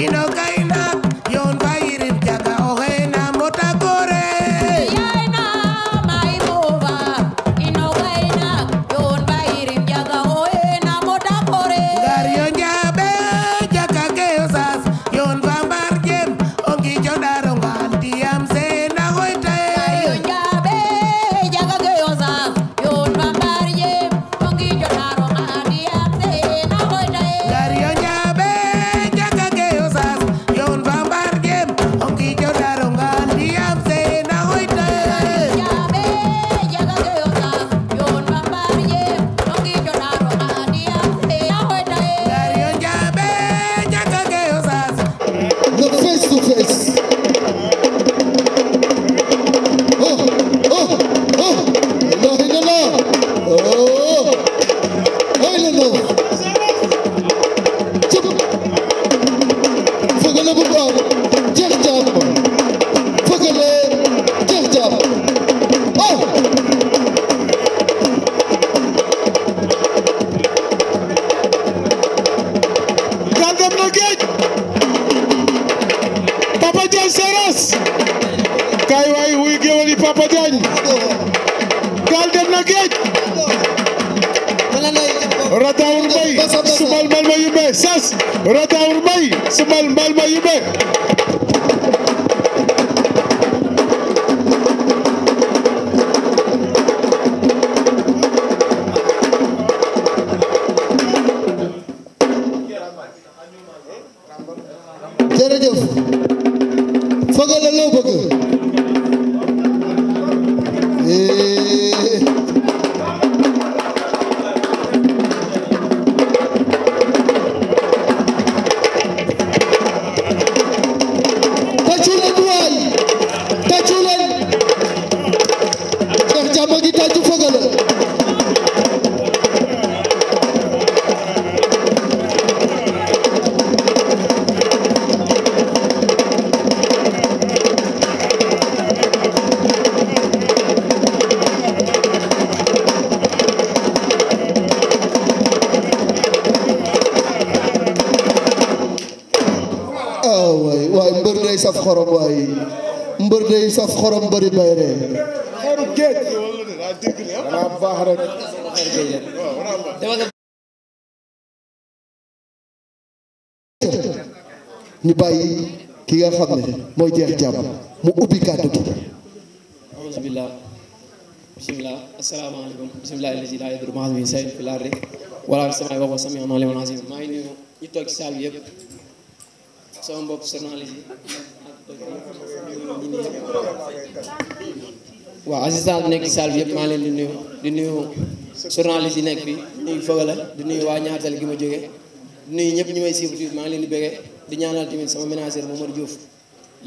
y no caí kaay waay wuy géwél yi Papa Diagne gaal dem na géej Ratawur Mbaye sumal mbal ma yumbe sas Ratawur Mbaye sumal mbal ma yumbe ah waay waay mbër day saf xorom waay mbër day saf xorom bëri bay ree xoru géej danaa baax rek ñu bàyyi ki nga xam ne mooy jeex jàmm mu ubbi kàddu gi bismillah bismillah asalaamaaleykum bismillah allazi laa yadurru ma'a ismihi shay'un fil ardi wa laa fis samaa'i wa huwa samii'un aliimun aziim maa ngi nuyu ñu toog ci saal bi yëpp sama mbokk journaliste yi waaw assistant bi nekk ci salle bi yëpp maa leen di nuyu di nuyu journaliste yi nekk bi di nuyu Feugeula di nuyu waa ñaartal gi ma jógee di nuyu ñëpp ñu may siibu tuuti maa ngi leen di bëggee di ñaanal tamit sama ménagère Mamadou Diouf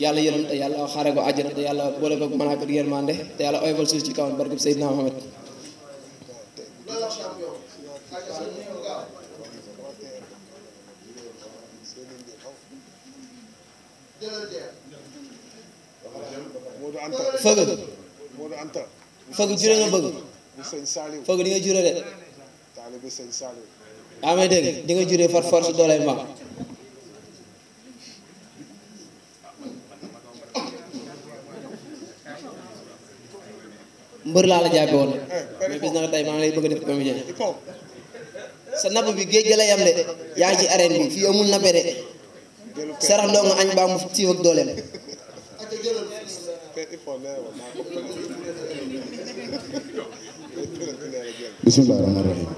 yàlla yërëm te yàlla xaare ko àjjana te yàlla boole ko malaaka yërmande te yàlla oyofal suuf ci kawam barkeb Seydina Mohamed Modou Anta fëgg Modou Anta fëgg jure nga bëgg fëgg di nga jure de taalibi sëñ Saliou daa may dégg di nga jure far force doolay maam mbër laa la jàppe woon mais bis na nga tey maa lay bëgg a def comédien sa napp bi géej ga la yam de yaa ngi ci arène bi fii amul nappe de sarax ndongo añ baa mu siiw ak dooleem bisimilah rahmaani rahim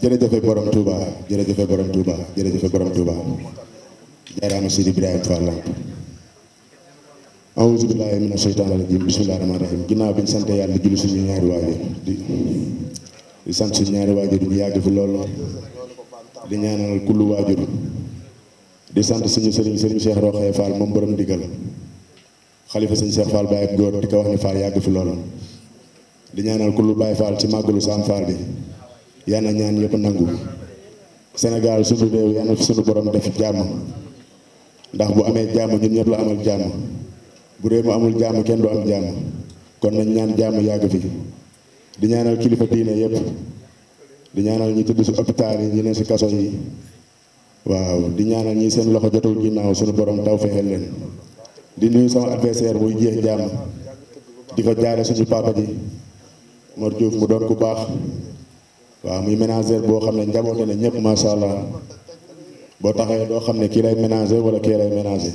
jërëjëfe borom Touba jërëjëfe borom Touba jërëjëfe borom Touba jaaraama Sidi Ibrahima Fall auzu billaahi mina sheytaani rajiim bisimilah rahmaani rahim ginnaaw bi ñu sant yàlla di julli suñu ñaari waajur di sant suñu ñaari waajur ñu yàgg fi lool di ñaanal kullu waajur di sant suñu sëriñ sëriñ Cheikh Roxaye Fall moom borom diggal xalifa sëñ Cheikh Fall Baye góor di yàgg fi lool di ñaanal kullu Baye Fall ci màggalu Sam Fall bi yal na ñaan yëpp nangu Sénégal suñu réew yal na suñu borom def jàmm ndax bu amee jàmm ñun ñëpp la amal jàmm bu réew mu amul jàmm kenn du am jàmm kon nañ ñaan jàmm yàgg fi di ñaanal kilifa diine yëpp. di ñaanal ñi tëdd si hôpital yi ñi ne si kaso yi waaw di ñaanal ñi seen loxo jotul ginnaaw suñu borom taw fexeel leen di nuyu sama adversaire muy jeex jàmm di ko jaare suñu papa ji Mor Diouf mu doon ku baax waaw muy ménager boo xam ne njaboote na ñëpp macha allah boo taxee doo xam ne kii lay ménager wala kii lay ménager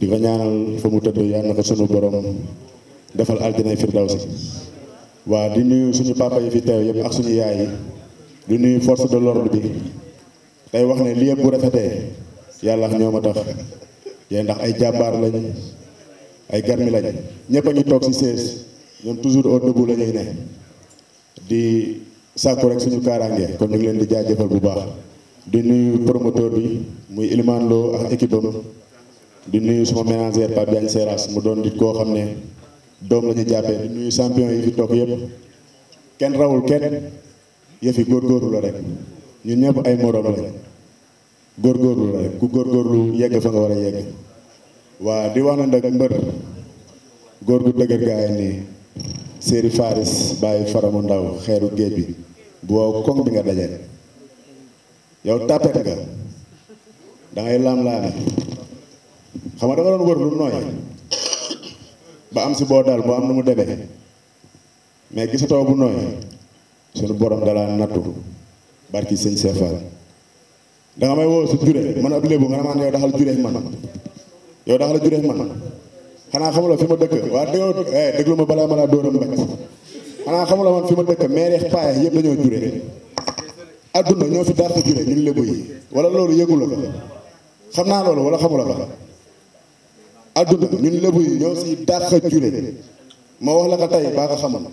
di ko ñaanal fa mu tëdd yàlla na ko suñu borom defal aljana firdawsi waaw di nuyu suñu papa yi fi teew yëpp ak suñu yaay yi. di nuyu force de l'ordre bi tey wax ne lii yëpp bu rafetee yàlla ñoo ma tax yéen ndax ay jàmbaar lañ ay garmi lañ ñëpp a ñu toog ci siège ñoom toujours au debout la ne di sàkku rek suñu kaaraange kon ñu ngi leen di jaajëfal bu baax di nuyu promoteur bi muy Iliman Lo ak équipe am di nuyu suma manager Pape Diagne mu doon nit koo xam ne doom la ñu jàppee di nuyu champion yi fi toog yëpp kenn rawul kenn yëfi góorgóorlu la rek ñun ñëpp ay moroom lañ góorgóorlu la rek ku góorgóorlu yegg fa nga war a yegg waa di wax na nag mbër góor gu dëgër gaay nii séeri Faris bàyyi faramu ndaw xeeru géej bi bu wow koŋ bi nga dajee yow tàppet nga dangay laam-laame xam nga danga doon wër lu nooy ba am si boo daal boo am na mu demee mais gisatoo bu nooy suñu borom dalaa nattu barki sëñ Cheikh Fall da nga may woo su jure man ab lébu nga ne ma yow daxal jure man yow daxal jure man xanaa ma dëkk waa dégg eh, déglu ma balaa ma laa doo mbéj xanaa xamula man ma dëkk yëpp dañoo jure adduna ñoo fi dàq jure ñun lébu loolu yëgula ko xam naa loolu wala xamula ko adduna ñun lébu yi ñoo si dàq jure ma wax la ko tey baa ko xamal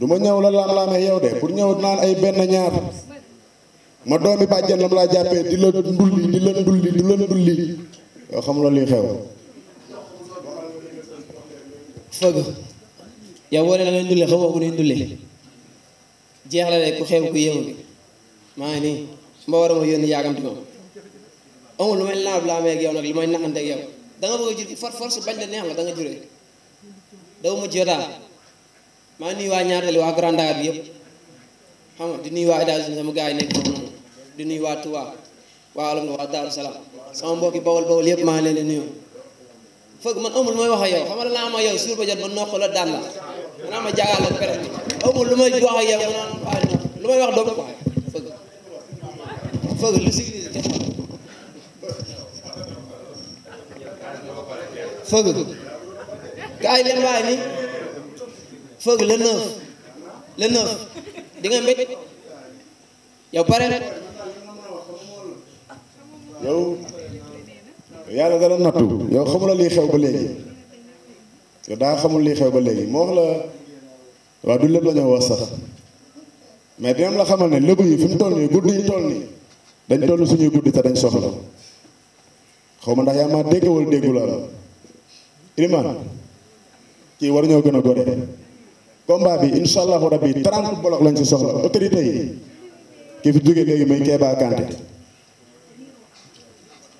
du ma ñëw la laam-laamee yow de pour ñëw naan ay benn ñaar ma doomi bàjjen lam laa jàppee di la ndulli di la ndulli di la luy xew fëgg yow wone la lay ndulle xamoo ku ne ndulle jeex la de ku xew ku yeewu bi maa ngi nii mba war a ma yónni yaagamti moom amul lu may laab laamee ak yow nag li may naxante ak yow bëgg a jur far force bañ la neex la da nga juree daw ma jotaa maa nuyu waa waa Grand Dakar bi yëpp xam nga di nuyu waa États-Unis sama gars yi nekk noonu di nuyu waa Touba waa Alam waa Daaru Salaam sama mbokki bawol bawol yëpp maa leen di fëgg man amul ma yow suur ba jot ma lu may wax ak yow lu may wax doomu fëgg fëgg lu yi leen waay ni fëgg le neuf le neuf di nga mbéj yow pare na yow yàlla dara nattu yow xamula lii xew ba léegi yow daa xamul lii xew ba léegi moo wax la waaw du lépp la ñu wax sax mais dinañ la xamal ne lébu yi fi mu toll nii guddi yi toll nii dañ toll suñuy guddi te dañ soxla xaw ma ndax yaa ma dégg wala déggu la Ilimane kii war ñoo gën a gore combat bi incha allahu rabbi 30 bloc lañ ci soxla autorité yi kii fi jigéen léegi muy Kéba Kanté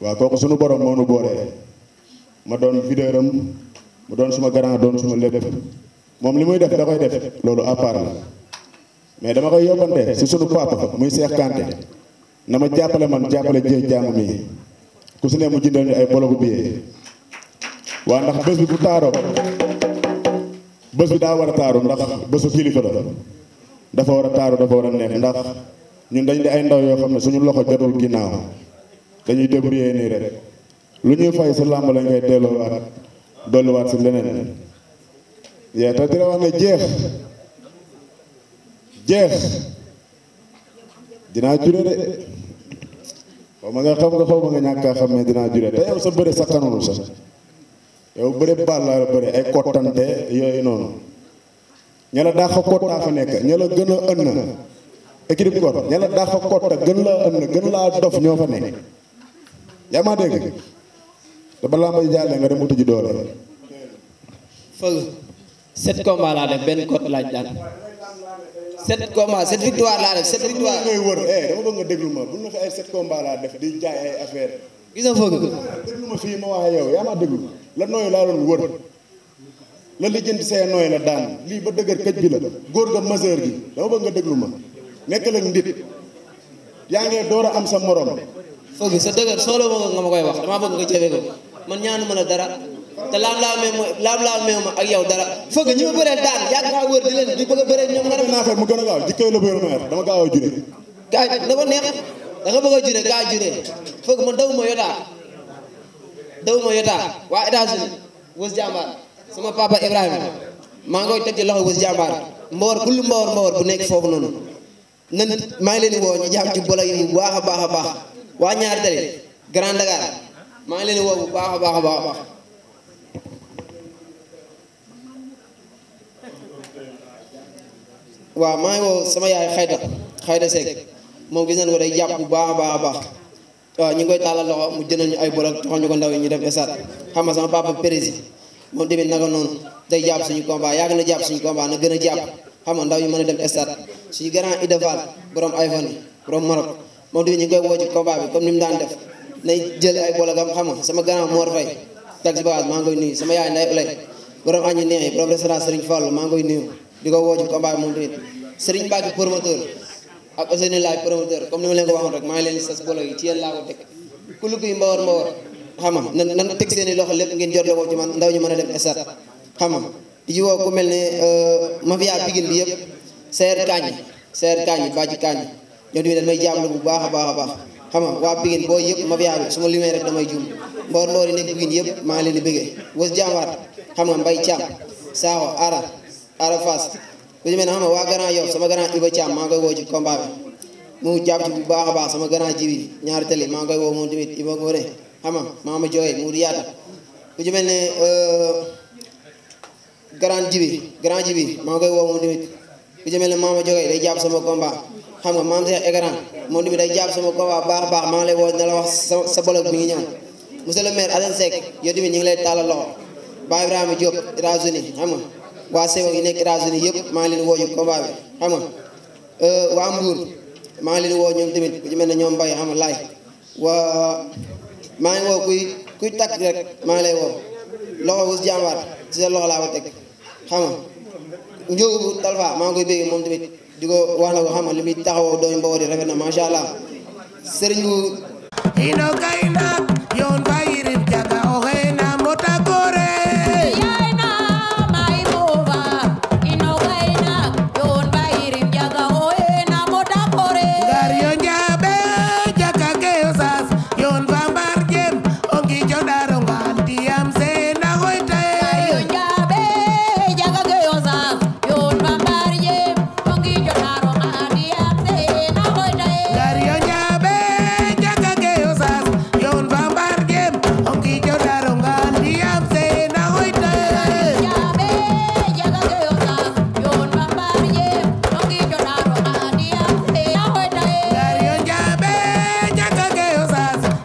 waaw kooku sunu borom moo ma doon videur am doon suma grand doon suma lépp moom li muy def da koy def loolu à la mais dama koy yóbbante si sunu papa muy Cheikh Kanté na ma jàppale man jàppale jéey jàng mi ku si ne mu jëndal ñu ay bologu billet waa ndax bés bu taaroo. bés bi daa war a taaru ndax bésu kilifa dafa war a taaru dafa war a neex ndax ñun dañ di ay ndaw yoo xam ne suñu loxo jotul ginnaaw dañuy débrouiller nii rek lu ñuy fay si làmb lañ koy delloowaat dolliwaat si leneen yee te di wax jeex jeex dinaa jure de xaw ma nga xam nga xaw ma nga ñàkk a xam ne dinaa jure te yow sa bëre sa sax yow bëre baal laa bëre ay kottante yooyu noonu ña la daax a kottaa fa nekk ña gën a ënn équipe kor ña la kotta gën laa ënn gën laa dof ñoo fa nekk yaa maa dégg te ba laa jàllee nga dem uti ji doole fëgg sept combat def benn cote laaj daan sept combat sept victoire laa def sept victoire ngay wër eh dama bëgg nga déglu ma laa def gis nga fëgg déglu fii ma wax yow yaa ma déglu la nooy laa doon wër la lijjanti see nooy la daan lii ba dëgër këj bi la góor ga majeur gi dama bëgg nga déglu ma nekk la ndit yaa ngee door a am sa morom foogi sa dëgër soo la koy wax damaa bëgg nga jëfe ko man dara te laam laam meew laam laam meew ma ak yow dara foog ñu ma bëree daan yàgg naa wër di leen di bëgg a ñoom nga def naa fa mu gën a gaaw jikkay la bëre meer dama gaaw a jure kaay da ko neex bëgg a jure kaa jure foog ma daw ma dawuma yotaa waa États-Unis wës jàmbaar sama papa Ibrahima maa ngi koy teg ci loxo wës jàmbaar mboor kullu mboor mboor bu nekk foofu noonu nan maa ngi leen di woo ñu jàpp ci bu baax baax a baax waa ñaari Grand maa ngi leen di bu baax a baax a baax waaw maa ngi woo sama yaay xayda xayda Seck moom gis nañu ko day jàpp bu baax a baax a baax waaw ñu ngi koy tàllal loxo mu jëndal ñu ay bolok taxaw ñu ko ndaw yi ñu dem esaat xam nga sama papa président moom tamit naka noonu day jàpp suñu combat yàgg na jàpp suñu combat na gën a jàpp xam nga ndaw yi mën a dem esaat suñu grand idéval borom iPhone yi borom Maroc moom tamit ñu ngi koy woo ci bi comme ni mu daan def nay jëlee xam nga sama grand Mor Faye taxi bagage maa ngi koy nuyu sama yaay nday ulay borom añu neex yi borom restaurant Serigne Fall maa ngi koy nuyu di ko woo ci combat bi moom tamit Serigne Mbacke promoteur ab Ousseynou Laay promoteur comme ni ma leen ko waxoon rek maa ngi leen di sas bolo yi ci yéen laa ko teg ku lu kuy mbawar mbawar xam nga nan nan teg seen i loxo lépp ngeen jot ko ci man ndaw a dem euh, bi yëpp seer kaañi seer kaañi bàcc kaañi ñoo tamit may jàppale bu baax a baax a baax xam nga waa Pikine boo yëpp mafia bi su ma limee rek damay juum mbawar mbawar yi nekk Pikine yëpp maa ngi leen di bëggee was jàmbaar xam nga mbay caam saaxo ara fas bu ñu mel ne xam nga waa Grand Yoff sama grand Iba Thiam maa ngi koy woo ci combat bi mu jàpp ci bu baax a baax sama grand ji bi ñaari tali maa ngi koy woo moom tamit Iba Ngore xam nga maa ma jooyee mu yaata bu ñu mel ne euh, grand ji bi grand ji bi maa ngi koy woo moom bu ñu ne maa ma jooyee day jàpp sama combat xam nga maam Cheikh Egran moom tamit day jàpp sama combat baax a baax maa ngi lay woo na la wax sa sa mi ngi ñëw monsieur le maire Assane Seck yow tamit ñu ngi lay tàllal loxo Ba Ibrahima Diop États-Unis xam waa sewo yi nekk États-Unis yëpp maa ngi leen woo ñu combat bi xam nga euh, waa Mbour maa ngi leen woo ñoom tamit ku ci mel ñoom Mbaye xam nga waa maa ngi woo kuy takk rek maa ngi lay woo loxo wus jàmbaar ci sa loxo laa ko teg xam nga maa ngi koy bégg moom tamit di ko wax na ko xam nga li muy taxawoo doomu Mbawoor di rafet na macha allah sëriñ bu